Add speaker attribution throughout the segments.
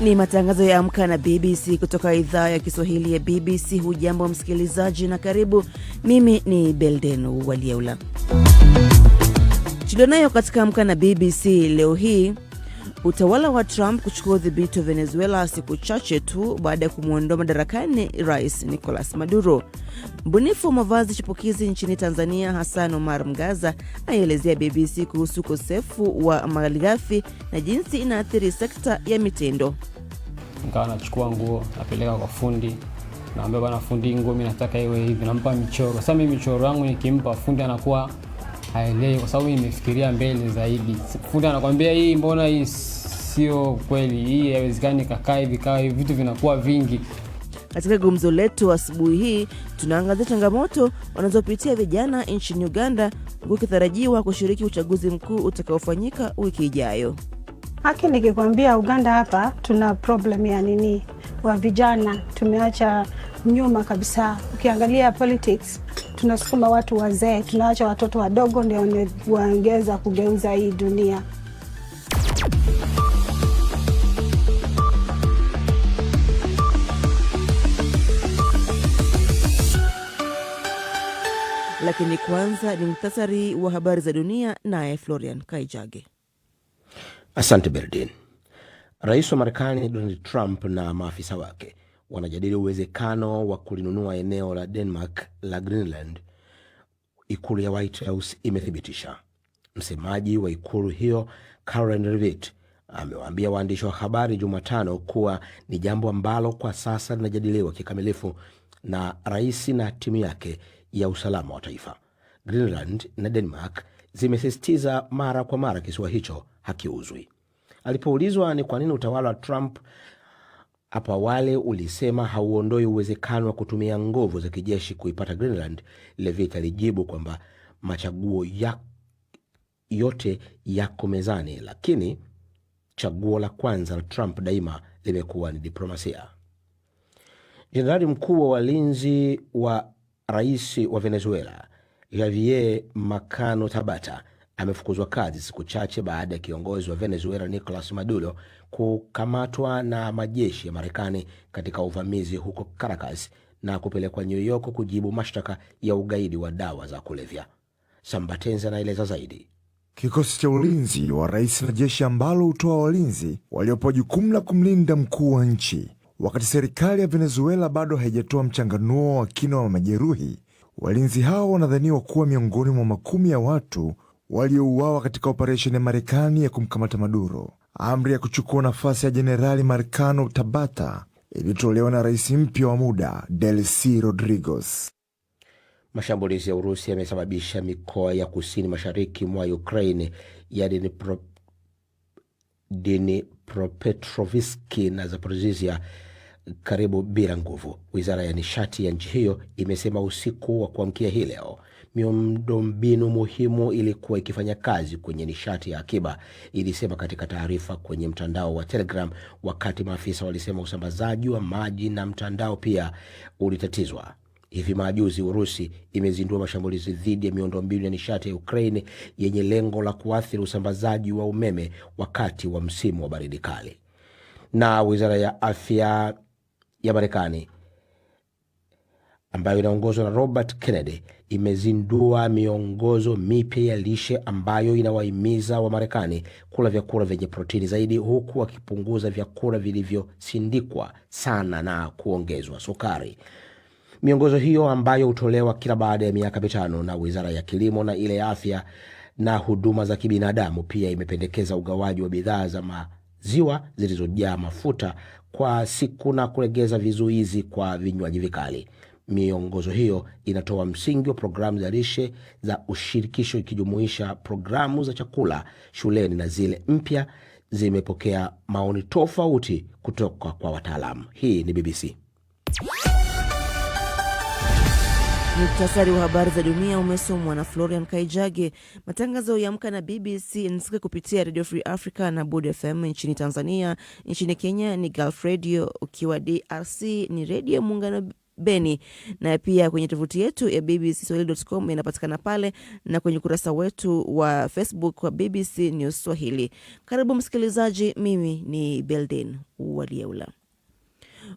Speaker 1: Ni matangazo ya Amka na BBC kutoka idhaa ya Kiswahili ya BBC. Hujambo msikilizaji na karibu. Mimi ni Belden Walieula. Tulionayo katika Amka na BBC leo hii Utawala wa Trump kuchukua udhibiti wa Venezuela siku chache tu baada ya kumwondoa madarakani Rais Nicolas Maduro. Mbunifu wa mavazi chipukizi nchini Tanzania, Hassan Omar Mgaza, aielezea BBC kuhusu ukosefu wa malighafi na jinsi inaathiri sekta ya mitindo.
Speaker 2: nkawa nachukua nguo napeleka kwa fundi, naambia bana fundi, nguo mi nataka iwe hivi, nampa michoro. Sasa mi michoro yangu nikimpa fundi anakuwa haelewi, kwa sababu imefikiria mbele zaidi. Fundi anakwambia hii, mbona hii sio kweli, hii haiwezekani, kakaa hivi, kaa hivi, vitu vinakuwa vingi.
Speaker 1: Katika gumzo letu asubuhi hii tunaangazia changamoto wanazopitia vijana nchini Uganda, huku ikitarajiwa kushiriki uchaguzi mkuu utakaofanyika wiki ijayo.
Speaker 3: Haki nikikwambia, Uganda hapa tuna problem ya nini? Wa vijana tumeacha nyuma kabisa. Ukiangalia politics tunasukuma watu wazee, tunaacha watoto wadogo ndio wangeweza kugeuza hii dunia.
Speaker 1: Lakini kwanza ni muhtasari wa habari za dunia, naye Florian Kaijage.
Speaker 4: Asante Berdin. Rais wa Marekani Donald Trump na maafisa wake wanajadili uwezekano wa kulinunua eneo la Denmark la Greenland, ikulu ya White House imethibitisha. Msemaji wa ikulu hiyo Karen Rivit amewaambia waandishi wa habari Jumatano kuwa ni jambo ambalo kwa sasa linajadiliwa kikamilifu na rais na timu yake ya usalama wa taifa. Greenland na Denmark zimesisitiza mara kwa mara kisiwa hicho hakiuzwi. Alipoulizwa ni kwa nini utawala wa Trump hapo awali ulisema hauondoi uwezekano wa kutumia nguvu za kijeshi kuipata Greenland. Levit alijibu kwamba machaguo ya yote yako mezani, lakini chaguo la kwanza la Trump daima limekuwa ni diplomasia. Jenerali mkuu wa walinzi wa rais wa Venezuela Javier Makano Tabata amefukuzwa kazi siku chache baada ya kiongozi wa Venezuela Nicolas Maduro kukamatwa na majeshi ya Marekani katika uvamizi huko Caracas na kupelekwa New York kujibu mashtaka ya ugaidi wa dawa za kulevya. Sambatenzi anaeleza zaidi.
Speaker 5: Kikosi cha ulinzi wa rais na jeshi ambalo hutoa walinzi waliopewa jukumu la kumlinda mkuu wa nchi. Wakati serikali ya Venezuela bado haijatoa mchanganuo wa kina wa majeruhi, walinzi hao wanadhaniwa kuwa miongoni mwa makumi ya watu waliouawa katika operesheni ya Marekani ya kumkamata Maduro. Amri ya kuchukua nafasi ya Jenerali Marcano Tabata iliyotolewa na rais mpya wa muda Delcy Rodriguez.
Speaker 4: Mashambulizi ya Urusi yamesababisha mikoa ya kusini mashariki mwa Ukraine ya Dnipropetrovski na Zaporizhia karibu bila nguvu. Wizara ya nishati ya nchi hiyo imesema usiku wa kuamkia hii leo miundombinu muhimu ilikuwa ikifanya kazi kwenye nishati ya akiba, ilisema katika taarifa kwenye mtandao wa Telegram, wakati maafisa walisema usambazaji wa maji na mtandao pia ulitatizwa. Hivi majuzi Urusi imezindua mashambulizi dhidi ya miundombinu ya nishati ya Ukraine yenye lengo la kuathiri usambazaji wa umeme wakati wa msimu wa baridi kali. Na wizara ya afya ya Marekani ambayo inaongozwa na Robert Kennedy imezindua miongozo mipya ya lishe ambayo inawahimiza Wamarekani kula vyakula vyenye protini zaidi huku wakipunguza vyakula vilivyosindikwa sana na kuongezwa sukari. Miongozo hiyo ambayo hutolewa kila baada ya miaka mitano na Wizara ya Kilimo na ile ya Afya na Huduma za Kibinadamu pia imependekeza ugawaji wa bidhaa za maziwa zilizojaa mafuta kwa siku na kulegeza vizuizi kwa vinywaji vikali. Miongozo hiyo inatoa msingi wa programu za lishe za ushirikisho ikijumuisha programu za chakula shuleni na zile mpya zimepokea maoni tofauti kutoka kwa wataalamu. Hii ni BBC.
Speaker 1: Muktasari wa habari za dunia umesomwa na Florian Kaijage. Matangazo ya Amka na BBC yanasikika kupitia Radio Free Africa na Bod FM nchini Tanzania. Nchini Kenya ni Gulf Radio, ukiwa DRC ni Redio Muungano Beni, na pia kwenye tovuti yetu ya bbcswahili.com inapatikana pale na kwenye ukurasa wetu wa Facebook wa BBC News Swahili. Karibu msikilizaji, mimi ni Beldin Walieula.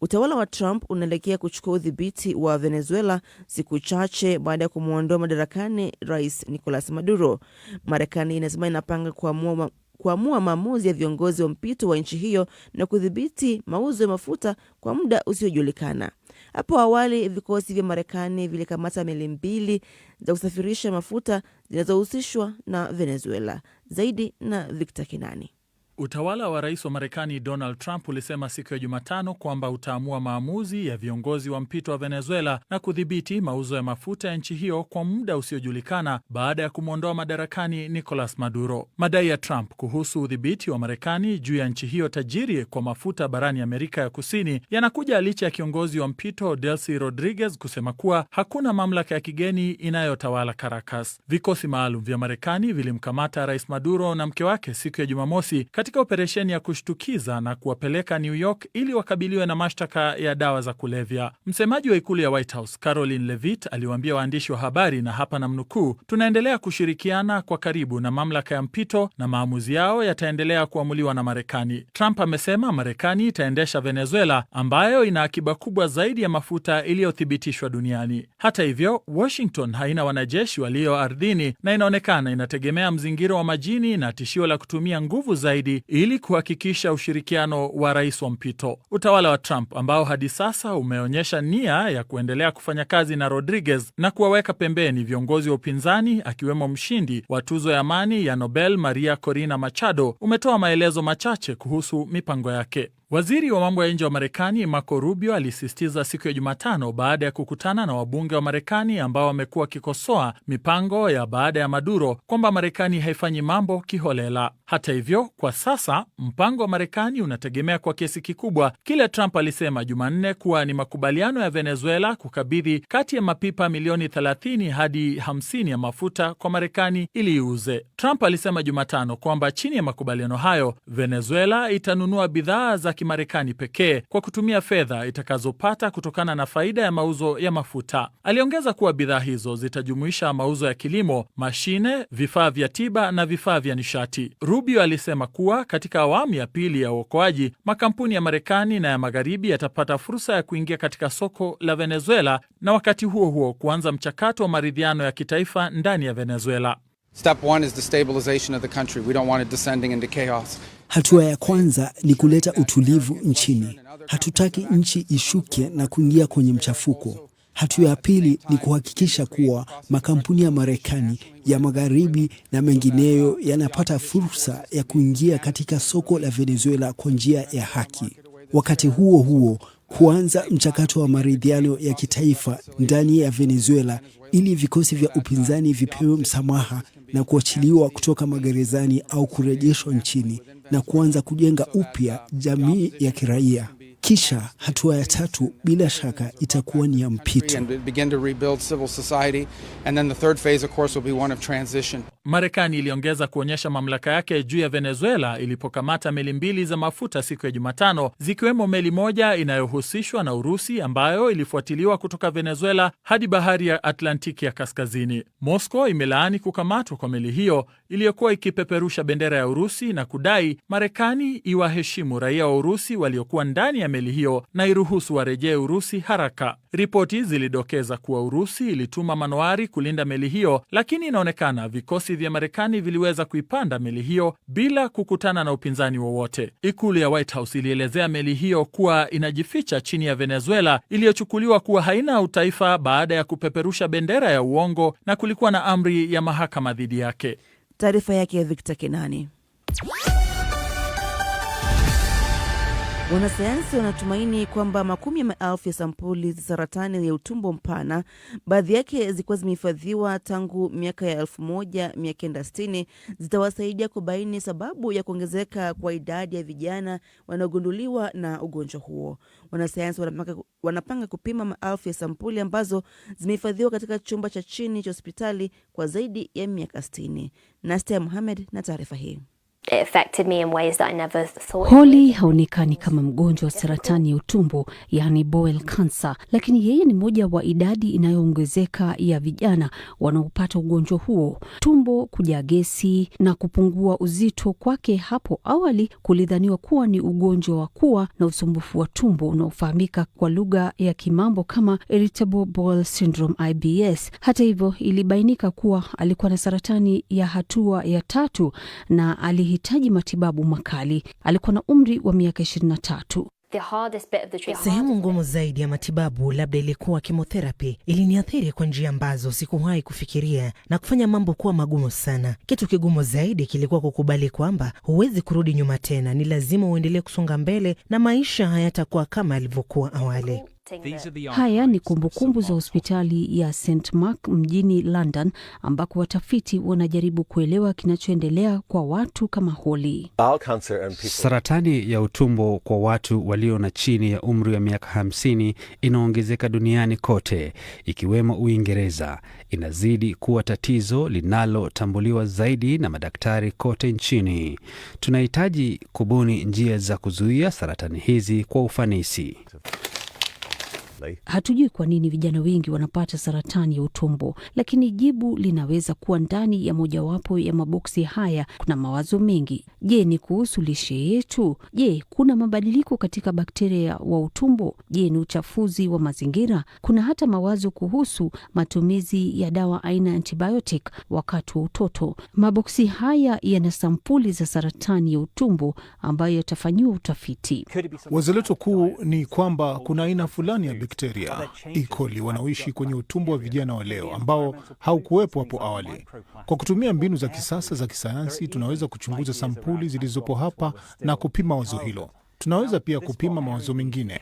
Speaker 1: Utawala wa Trump unaelekea kuchukua udhibiti wa Venezuela siku chache baada ya kumwondoa madarakani rais Nicolas Maduro. Marekani inasema inapanga kuamua kuamua maamuzi ya viongozi wa mpito wa nchi hiyo na kudhibiti mauzo ya mafuta kwa muda usiojulikana. Hapo awali vikosi vya Marekani vilikamata meli mbili za kusafirisha mafuta zinazohusishwa na Venezuela. Zaidi na Victor Kinani.
Speaker 6: Utawala wa rais wa Marekani Donald Trump ulisema siku ya Jumatano kwamba utaamua maamuzi ya viongozi wa mpito wa Venezuela na kudhibiti mauzo ya mafuta ya nchi hiyo kwa muda usiojulikana baada ya kumwondoa madarakani Nicolas Maduro. Madai ya Trump kuhusu udhibiti wa Marekani juu ya nchi hiyo tajiri kwa mafuta barani Amerika ya Kusini yanakuja licha ya kiongozi wa mpito Delcy Rodriguez kusema kuwa hakuna mamlaka ya kigeni inayotawala Caracas. Vikosi maalum vya Marekani vilimkamata Rais Maduro na mke wake siku ya Jumamosi katika operesheni ya kushtukiza na kuwapeleka New York ili wakabiliwe na mashtaka ya dawa za kulevya. Msemaji wa ikulu ya White House Caroline Levitt aliwaambia waandishi wa habari, na hapa namnukuu, tunaendelea kushirikiana kwa karibu na mamlaka ya mpito na maamuzi yao yataendelea kuamuliwa na Marekani. Trump amesema Marekani itaendesha Venezuela ambayo ina akiba kubwa zaidi ya mafuta iliyothibitishwa duniani. Hata hivyo, Washington haina wanajeshi walio ardhini na inaonekana inategemea mzingiro wa majini na tishio la kutumia nguvu zaidi ili kuhakikisha ushirikiano wa rais wa mpito. Utawala wa Trump ambao hadi sasa umeonyesha nia ya kuendelea kufanya kazi na Rodriguez na kuwaweka pembeni viongozi wa upinzani akiwemo mshindi wa tuzo ya amani ya Nobel Maria Corina Machado, umetoa maelezo machache kuhusu mipango yake. Waziri wa mambo ya nje wa Marekani Marco Rubio alisisitiza siku ya Jumatano baada ya kukutana na wabunge wa Marekani ambao wamekuwa wakikosoa mipango ya baada ya Maduro kwamba Marekani haifanyi mambo kiholela. Hata hivyo, kwa sasa mpango wa Marekani unategemea kwa kiasi kikubwa kile Trump alisema Jumanne kuwa ni makubaliano ya Venezuela kukabidhi kati ya mapipa milioni 30 hadi 50 ya mafuta kwa Marekani ili iuze. Trump alisema Jumatano kwamba chini ya makubaliano hayo Venezuela itanunua bidhaa za Kimarekani pekee kwa kutumia fedha itakazopata kutokana na faida ya mauzo ya mafuta. Aliongeza kuwa bidhaa hizo zitajumuisha mauzo ya kilimo, mashine, vifaa vya tiba na vifaa vya nishati. Rubio alisema kuwa katika awamu ya pili ya uokoaji, makampuni ya Marekani na ya Magharibi yatapata fursa ya kuingia katika soko la Venezuela na wakati huo huo kuanza mchakato wa maridhiano ya kitaifa ndani ya Venezuela.
Speaker 7: Step one is the stabilization of the country. We don't want it descending into chaos.
Speaker 8: Hatua ya kwanza ni kuleta utulivu nchini. Hatutaki nchi ishuke na kuingia kwenye mchafuko. Hatua ya pili ni kuhakikisha kuwa makampuni ya Marekani ya magharibi na mengineyo yanapata fursa ya kuingia katika soko la Venezuela kwa njia ya haki. Wakati huo huo, kuanza mchakato wa maridhiano ya kitaifa ndani ya Venezuela ili vikosi vya upinzani vipewe msamaha na kuachiliwa kutoka magerezani au kurejeshwa nchini na kuanza kujenga upya jamii ya kiraia. Kisha hatua ya tatu bila shaka itakuwa ni ya mpito.
Speaker 6: Marekani iliongeza kuonyesha mamlaka yake juu ya Venezuela ilipokamata meli mbili za mafuta siku ya Jumatano, zikiwemo meli moja inayohusishwa na Urusi ambayo ilifuatiliwa kutoka Venezuela hadi bahari ya Atlantiki ya Kaskazini. Moscow imelaani kukamatwa kwa meli hiyo iliyokuwa ikipeperusha bendera ya Urusi na kudai Marekani iwaheshimu raia wa Urusi waliokuwa ndani ya meli hiyo na iruhusu warejee Urusi haraka. Ripoti zilidokeza kuwa Urusi ilituma manowari kulinda meli hiyo, lakini inaonekana vikosi vya Marekani viliweza kuipanda meli hiyo bila kukutana na upinzani wowote. Ikulu ya White House ilielezea meli hiyo kuwa inajificha chini ya Venezuela iliyochukuliwa kuwa haina utaifa baada ya kupeperusha bendera ya uongo na kulikuwa na amri ya mahakama dhidi yake.
Speaker 1: Taarifa yake ya Victor Kenani. Wanasayansi wanatumaini kwamba makumi ya maelfu ya sampuli za saratani ya utumbo mpana, baadhi yake zikiwa zimehifadhiwa tangu miaka ya 1960 zitawasaidia kubaini sababu ya kuongezeka kwa idadi ya vijana wanaogunduliwa na ugonjwa huo. Wanasayansi wanapanga, wanapanga kupima maelfu ya sampuli ambazo zimehifadhiwa katika chumba cha chini cha hospitali kwa zaidi ya miaka 60. Nastia muhamed na taarifa hii
Speaker 9: affected me in ways that I never thought.
Speaker 10: Holly haonekani kama mgonjwa wa saratani ya utumbo yani bowel cancer, lakini yeye ni moja wa idadi inayoongezeka ya vijana wanaopata ugonjwa huo. Tumbo kujaa gesi na kupungua uzito kwake hapo awali kulidhaniwa kuwa ni ugonjwa wa kuwa na usumbufu wa tumbo unaofahamika kwa lugha ya Kimambo kama irritable bowel syndrome IBS. Hata hivyo, ilibainika kuwa alikuwa na saratani ya hatua ya tatu na alihi anahitaji matibabu makali. Alikuwa na umri wa miaka 23.
Speaker 11: Sehemu ngumu zaidi ya matibabu labda ilikuwa kimotherapi. Iliniathiri kwa njia ambazo sikuwahi kufikiria na kufanya mambo kuwa magumu sana. Kitu kigumu zaidi kilikuwa kukubali kwamba huwezi kurudi nyuma tena, ni lazima uendelee kusonga mbele na maisha hayatakuwa kama yalivyokuwa awali.
Speaker 12: Haya ni kumbukumbu za hospitali ya St Mark mjini London, ambako watafiti wanajaribu kuelewa kinachoendelea kwa watu kama Holi.
Speaker 13: Saratani ya utumbo kwa watu walio na chini ya umri wa miaka 50 inaongezeka duniani kote, ikiwemo Uingereza. Inazidi kuwa tatizo linalotambuliwa zaidi na madaktari kote nchini. Tunahitaji kubuni njia za kuzuia saratani hizi kwa ufanisi.
Speaker 10: Hatujui kwa nini vijana wengi wanapata saratani ya utumbo, lakini jibu linaweza kuwa ndani ya mojawapo ya maboksi haya. Kuna mawazo mengi. Je, ni kuhusu lishe yetu? Je, kuna mabadiliko katika bakteria wa utumbo? Je, ni uchafuzi wa mazingira? Kuna hata mawazo kuhusu matumizi ya dawa aina ya antibiotic wakati wa utoto. Maboksi haya yana sampuli za saratani ya utumbo ambayo yatafanyiwa utafiti.
Speaker 14: Wazo letu kuu ni kwamba kuna aina fulani ya bakteria E. coli wanaoishi kwenye utumbo wa vijana wa leo ambao haukuwepo hapo awali. Kwa kutumia mbinu za kisasa za kisayansi, tunaweza kuchunguza sampuli zilizopo hapa na kupima wazo hilo. Tunaweza pia kupima mawazo mengine.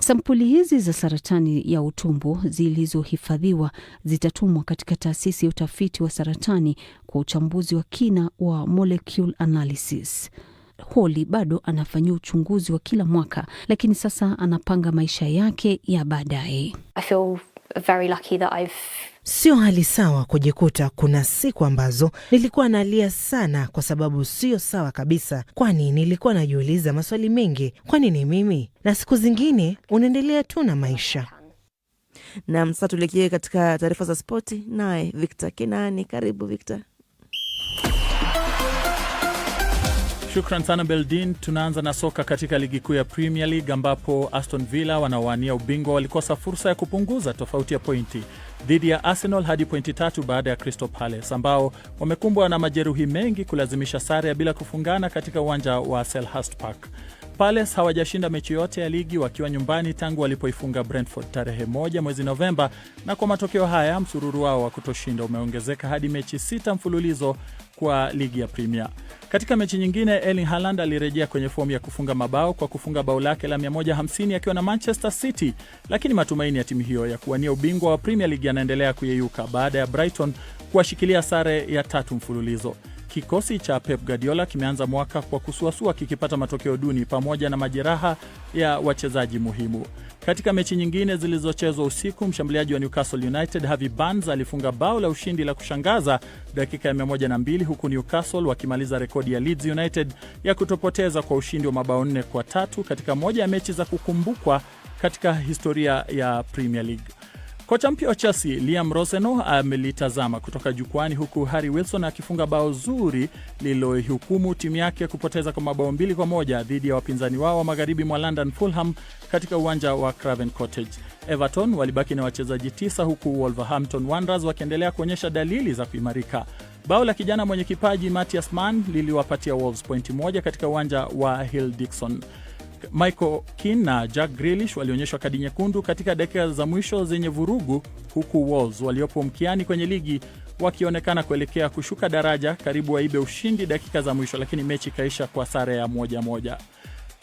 Speaker 10: Sampuli hizi za saratani ya utumbo zilizohifadhiwa zitatumwa katika taasisi ya utafiti wa saratani kwa uchambuzi wa kina wa molecule analysis. Holly bado anafanyia uchunguzi wa kila mwaka, lakini sasa anapanga maisha yake ya baadaye. Sio hali sawa kujikuta kuna siku ambazo nilikuwa nalia sana, kwa sababu sio sawa kabisa, kwani nilikuwa najiuliza maswali mengi, kwa nini mimi? Na siku zingine unaendelea tu na maisha.
Speaker 1: Nam, sasa tuelekee katika taarifa za spoti, naye Victor Kinani. Karibu Victor.
Speaker 6: Shukran sana Beldin. Tunaanza na soka katika ligi kuu ya Premier League ambapo Aston Villa wanaowania ubingwa walikosa fursa ya kupunguza tofauti ya pointi dhidi ya Arsenal hadi pointi tatu baada ya Crystal Palace ambao wamekumbwa na majeruhi mengi kulazimisha sare ya bila kufungana katika uwanja wa Selhurst Park. Palace hawajashinda mechi yote ya ligi wakiwa nyumbani tangu walipoifunga Brentford tarehe moja mwezi Novemba, na kwa matokeo haya msururu wao wa kutoshinda umeongezeka hadi mechi sita mfululizo kwa ligi ya Premier. Katika mechi nyingine, Erling Haaland alirejea kwenye fomu ya kufunga mabao kwa kufunga bao lake la 150 akiwa na Manchester City, lakini matumaini ya timu hiyo ya kuwania ubingwa wa Premier League yanaendelea kuyeyuka baada ya Brighton kuwashikilia sare ya tatu mfululizo. Kikosi cha Pep Guardiola kimeanza mwaka kwa kusuasua kikipata matokeo duni pamoja na majeraha ya wachezaji muhimu. Katika mechi nyingine zilizochezwa usiku, mshambuliaji wa Newcastle United Harvey Barnes alifunga bao la ushindi la kushangaza dakika ya 102 huku Newcastle wakimaliza rekodi ya Leeds United ya kutopoteza kwa ushindi wa mabao nne kwa tatu katika moja ya mechi za kukumbukwa katika historia ya Premier League. Kocha mpya wa Chelsea Liam Roseno amelitazama kutoka jukwani, huku Harry Wilson akifunga bao zuri lililoihukumu timu yake kupoteza kwa mabao mbili kwa moja dhidi ya wapinzani wao wa magharibi mwa London, Fulham, katika uwanja wa Craven Cottage. Everton walibaki na wachezaji tisa, huku Wolverhampton Wanderers wakiendelea kuonyesha dalili za kuimarika. Bao la kijana mwenye kipaji Matthias Mann liliwapatia Wolves pointi moja katika uwanja wa Hill Dixon. Michael Keane na Jack Grealish walionyeshwa kadi nyekundu katika dakika za mwisho zenye vurugu, huku Wolves waliopo mkiani kwenye ligi wakionekana kuelekea kushuka daraja, karibu waibe ushindi dakika za mwisho, lakini mechi ikaisha kwa sare ya moja moja.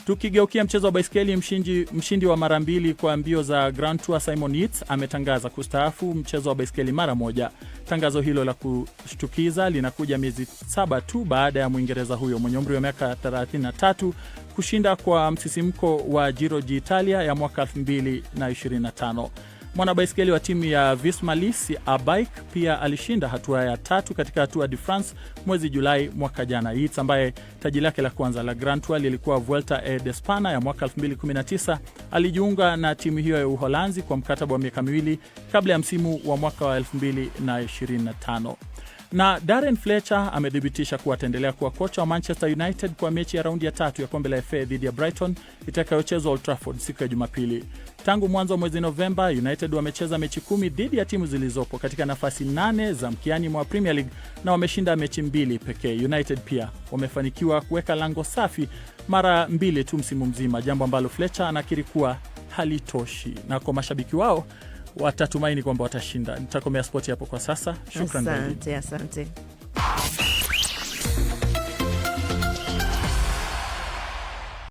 Speaker 6: Tukigeukia mchezo wa baiskeli, mshindi, mshindi wa mara mbili kwa mbio za Grand Tour Simon Yates ametangaza kustaafu mchezo wa baiskeli mara moja. Tangazo hilo la kushtukiza linakuja miezi saba tu baada ya Mwingereza huyo mwenye umri wa miaka 33 kushinda kwa msisimko wa Giro d'Italia ya mwaka 2025. Mwanabaiskeli wa timu ya vismalisi Lisi pia alishinda hatua ya tatu katika hatua de France mwezi Julai mwaka jana. Yates ambaye taji lake la kwanza la Grand Tour lilikuwa Vuelta e Despana ya mwaka 219 alijiunga na timu hiyo ya Uholanzi kwa mkataba wa miaka miwili kabla ya msimu wa mwaka wa 225 na Darren Fletcher amethibitisha kuwa ataendelea kuwa kocha wa Manchester United kwa mechi ya raundi ya tatu ya kombe la FA dhidi ya Brighton itakayochezwa Old Trafford siku ya Jumapili. Tangu mwanzo wa mwezi Novemba, United wamecheza mechi kumi dhidi ya timu zilizopo katika nafasi nane za mkiani mwa Premier League na wameshinda mechi mbili pekee. United pia wamefanikiwa kuweka lango safi mara mbili tu msimu mzima, jambo ambalo Fletcher anakiri kuwa halitoshi na kwa mashabiki wao watatumaini kwamba watashinda. Nitakomea spoti hapo kwa sasa.
Speaker 1: Shukran, Asante, asante.